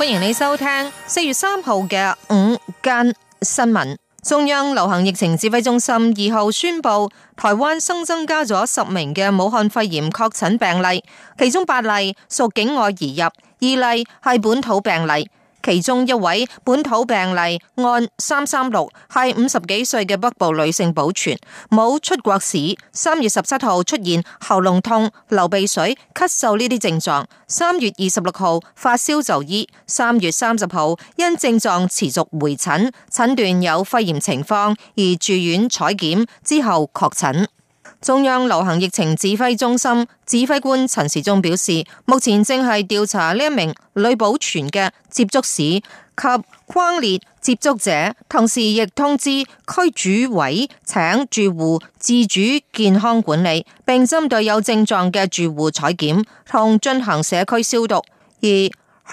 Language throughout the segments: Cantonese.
歡迎你收聽四月三號嘅午間新聞。中央流行疫情指揮中心二號宣布，台灣新增加咗十名嘅武漢肺炎確診病例，其中八例屬境外移入，二例係本土病例。其中一位本土病例案三三六，係五十幾歲嘅北部女性，保全冇出國史。三月十七號出現喉嚨痛、流鼻水、咳嗽呢啲症狀。三月二十六號發燒就醫，三月三十號因症狀持續回診，診斷有肺炎情況而住院採檢之後確診。中央流行疫情指揮中心指揮官陳時中表示，目前正係調查呢一名女保全嘅接觸史及框列接觸者，同時亦通知區主委請住戶自主健康管理，並針對有症狀嘅住戶採檢同進行社區消毒。而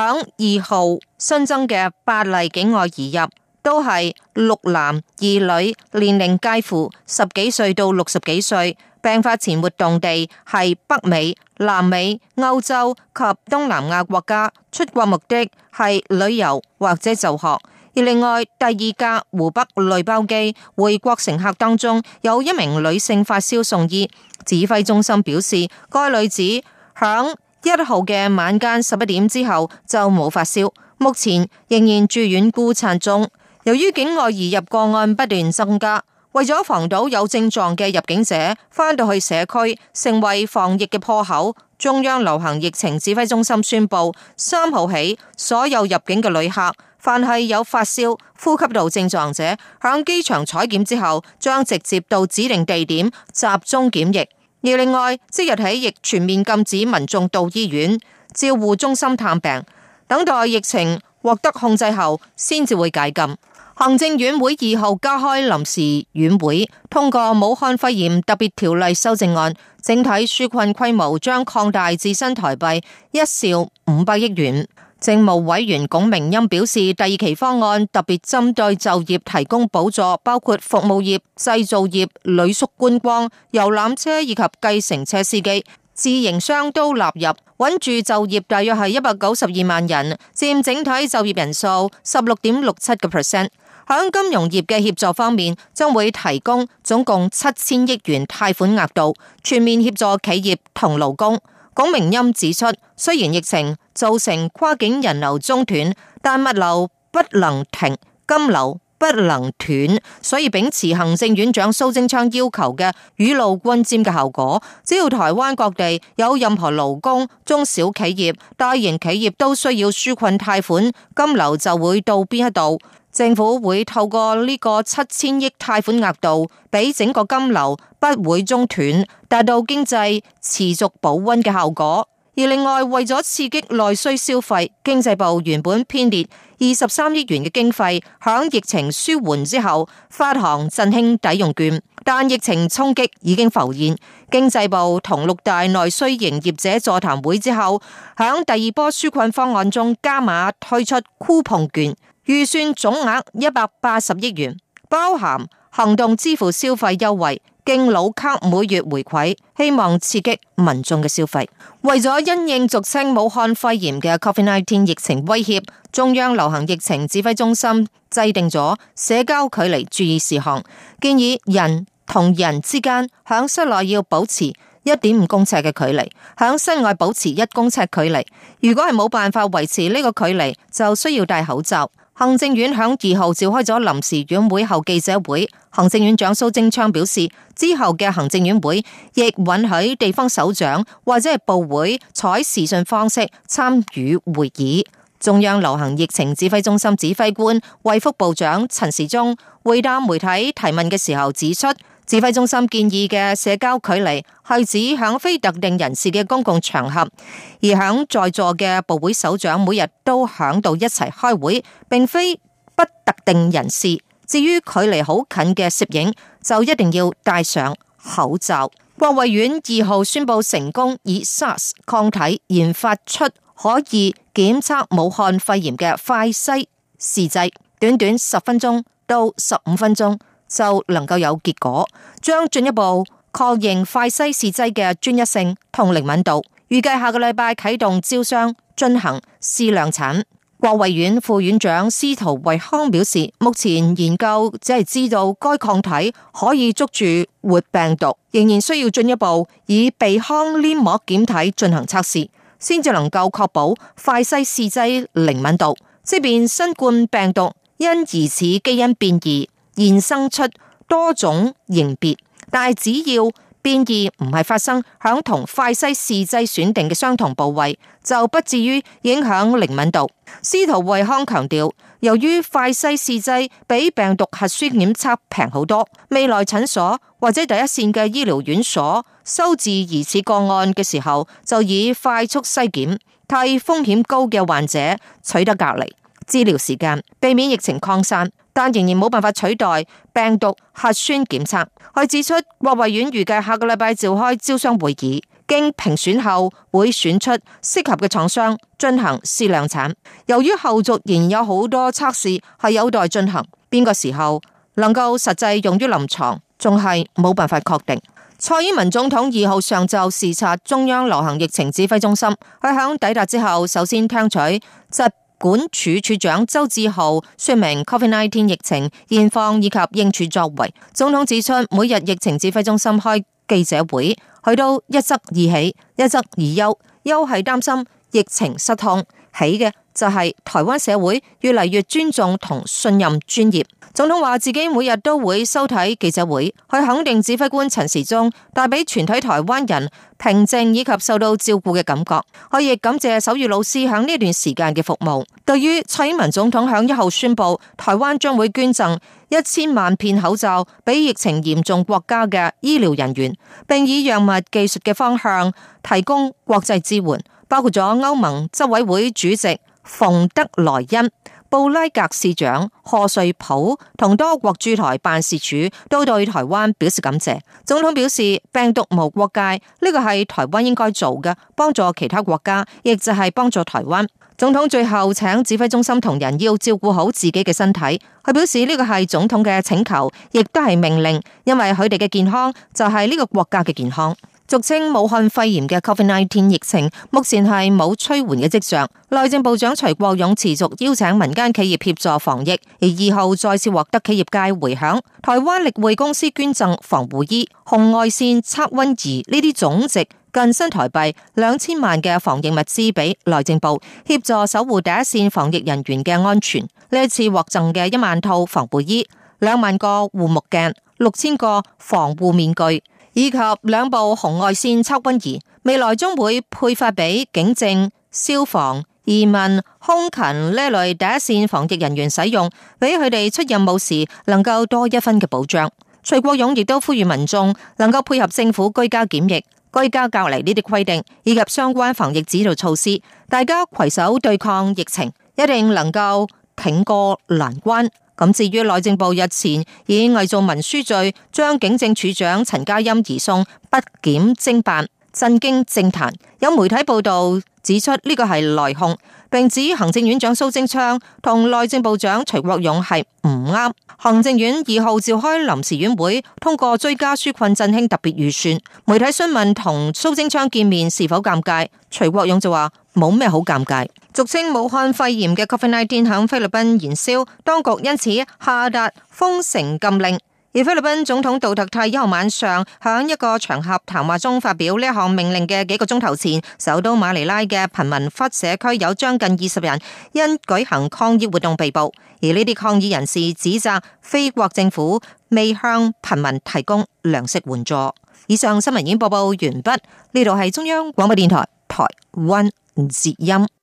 響二號新增嘅八例境外移入。都係六男二女，年齡介乎十幾歲到六十幾歲。病發前活動地係北美、南美、歐洲及東南亞國家。出國目的係旅遊或者就學。而另外第二架湖北類包機回國乘客當中，有一名女性發燒送醫。指揮中心表示，該女子響一號嘅晚間十一點之後就冇發燒，目前仍然住院觀察中。由於境外移入個案不斷增加，為咗防到有症狀嘅入境者返到去社區成為防疫嘅破口，中央流行疫情指揮中心宣布，三號起所有入境嘅旅客，凡係有發燒、呼吸道症狀者，向機場採檢之後，將直接到指定地點集中檢疫。而另外即日起亦全面禁止民眾到醫院、照護中心探病，等待疫情獲得控制後，先至會解禁。行政院會二號加開臨時院會，通過武漢肺炎特別條例修正案，整體紓困規模將擴大至新台幣一兆五百億元。政務委員龔明鑫表示，第二期方案特別針對就業提供補助，包括服務業、製造業、旅宿觀光、遊覽車以及計程車司機、自營商都納入穩住就業，大約係一百九十二萬人，佔整體就業人數十六點六七個 percent。喺金融業嘅協助方面，將會提供總共七千億元貸款額度，全面協助企業同勞工。龔明鑫指出，雖然疫情造成跨境人流中斷，但物流不能停，金流不能斷，所以秉持行政院長蘇貞昌要求嘅雨露均沾嘅效果，只要台灣各地有任何勞工、中小企業、大型企業都需要紓困貸款，金流就會到邊一度。政府會透過呢個七千億貸款額度，俾整個金流不會中斷，達到經濟持續保溫嘅效果。而另外為咗刺激內需消費，經濟部原本編列二十三億元嘅經費，響疫情舒緩之後發行振興抵用券，但疫情衝擊已經浮現。經濟部同六大內需營業者座談會之後，響第二波紓困方案中加碼推出酷碰券。預算總額一百八十億元，包含行動支付消費優惠、敬老卡每月回饋，希望刺激民眾嘅消費。為咗因應俗稱武漢肺炎嘅 Covid-19 疫情威脅，中央流行疫情指揮中心制定咗社交距離注意事項，建議人同人之間響室內要保持一點五公尺嘅距離，響室外保持一公尺距離。如果係冇辦法維持呢個距離，就需要戴口罩。行政院響二號召開咗臨時院會後記者會，行政院長蘇貞昌表示，之後嘅行政院會亦允許地方首長或者係部會採視訊方式參與會議。中央流行疫情指揮中心指揮官衛福部長陳時中回答媒體提問嘅時候指出。指揮中心建議嘅社交距離係指響非特定人士嘅公共場合，而響在座嘅部會首長每日都響度一齊開會，並非不特定人士。至於距離好近嘅攝影，就一定要戴上口罩。國衛院二號宣布成功以 SARS 抗體研發出可以檢測武漢肺炎嘅快篩試劑，短短十分鐘到十五分鐘。就能夠有結果，將進一步確認快篩試劑嘅專一性同靈敏度。預計下個禮拜啟動招商進行試量產。國衛院副院長司徒惠康表示，目前研究只係知道該抗體可以捉住活病毒，仍然需要進一步以鼻腔黏膜檢體進行測試，先至能夠確保快篩試劑靈敏度，即便新冠病毒因疑似基因變異。衍生出多種型別，但只要變異唔係發生響同快篩試劑選定嘅相同部位，就不至於影響靈敏度。司徒惠康強調，由於快篩試劑比病毒核酸檢測平好多，未來診所或者第一線嘅醫療院所收治疑似個案嘅時候，就以快速篩檢替風險高嘅患者取得隔離治療時間，避免疫情擴散。但仍然冇辦法取代病毒核酸檢測。佢指出，國衛院預計下個禮拜召開招商會議，經評選後會選出適合嘅廠商進行試量產。由於後續仍然有好多測試係有待進行，邊個時候能夠實際用於臨床，仲係冇辦法確定。蔡英文總統二號上晝視察中央流行疫情指揮中心，佢響抵達之後，首先聽取管署署長周志豪說明 COVID-19 疫情現況以及應處作為。總統指出，每日疫情指揮中心開記者會，去到一則而喜，一則而憂，憂係擔心。疫情失控，起嘅就係台灣社會越嚟越尊重同信任專業。總統話自己每日都會收睇記者會，去肯定指揮官陳時中帶俾全體台灣人平靜以及受到照顧嘅感覺。佢亦感謝手語老師響呢段時間嘅服務。對於蔡英文總統響一號宣布，台灣將會捐贈一千萬片口罩俾疫情嚴重國家嘅醫療人員，並以藥物技術嘅方向提供國際支援。包括咗歐盟執委會主席馮德萊恩、布拉格市長賀瑞普同多國駐台辦事處都對台灣表示感謝。總統表示病毒無國界，呢個係台灣應該做嘅，幫助其他國家，亦就係幫助台灣。總統最後請指揮中心同仁要照顧好自己嘅身體。佢表示呢個係總統嘅請求，亦都係命令，因為佢哋嘅健康就係呢個國家嘅健康。俗稱武漢肺炎嘅 COVID-19 疫情，目前係冇趨緩嘅迹象。內政部長徐國勇持續邀請民間企業協助防疫，而以後再次獲得企業界回響。台灣力匯公司捐贈防護衣、紅外線測温儀呢啲總值近新台幣兩千萬嘅防疫物資俾內政部，協助守護第一線防疫人員嘅安全。呢一次獲贈嘅一萬套防護衣、兩萬個護目鏡、六千個防護面具。以及兩部紅外線測溫儀，未來將會配發俾警政、消防、移民、空勤呢類第一線防疫人員使用，俾佢哋出任務時能夠多一分嘅保障。徐國勇亦都呼籲民眾能夠配合政府居家檢疫、居家隔離呢啲規定以及相關防疫指導措施，大家攜手對抗疫情，一定能夠挺過難關。至於內政部日前以偽造文書罪將警政署長陳家欽移送北檢偵辦，震驚政壇。有媒體報導指出呢個係內訌，並指行政院長蘇貞昌同內政部長徐國勇係唔啱。行政院二號召開臨時院會，通過追加紓困振興特別預算。媒體詢問同蘇貞昌見面是否尷尬，徐國勇就話冇咩好尷尬。俗稱武漢肺炎嘅 Covid-19 響菲律賓燃燒，當局因此下達封城禁令。而菲律賓總統杜特泰一號晚上響一個場合談話中發表呢一項命令嘅幾個鐘頭前，首都馬尼拉嘅貧民窟社區有將近二十人因舉行抗議活動被捕，而呢啲抗議人士指責菲國政府未向貧民提供糧食援助。以上新聞已經播報完畢。呢度係中央廣播電台台灣節音。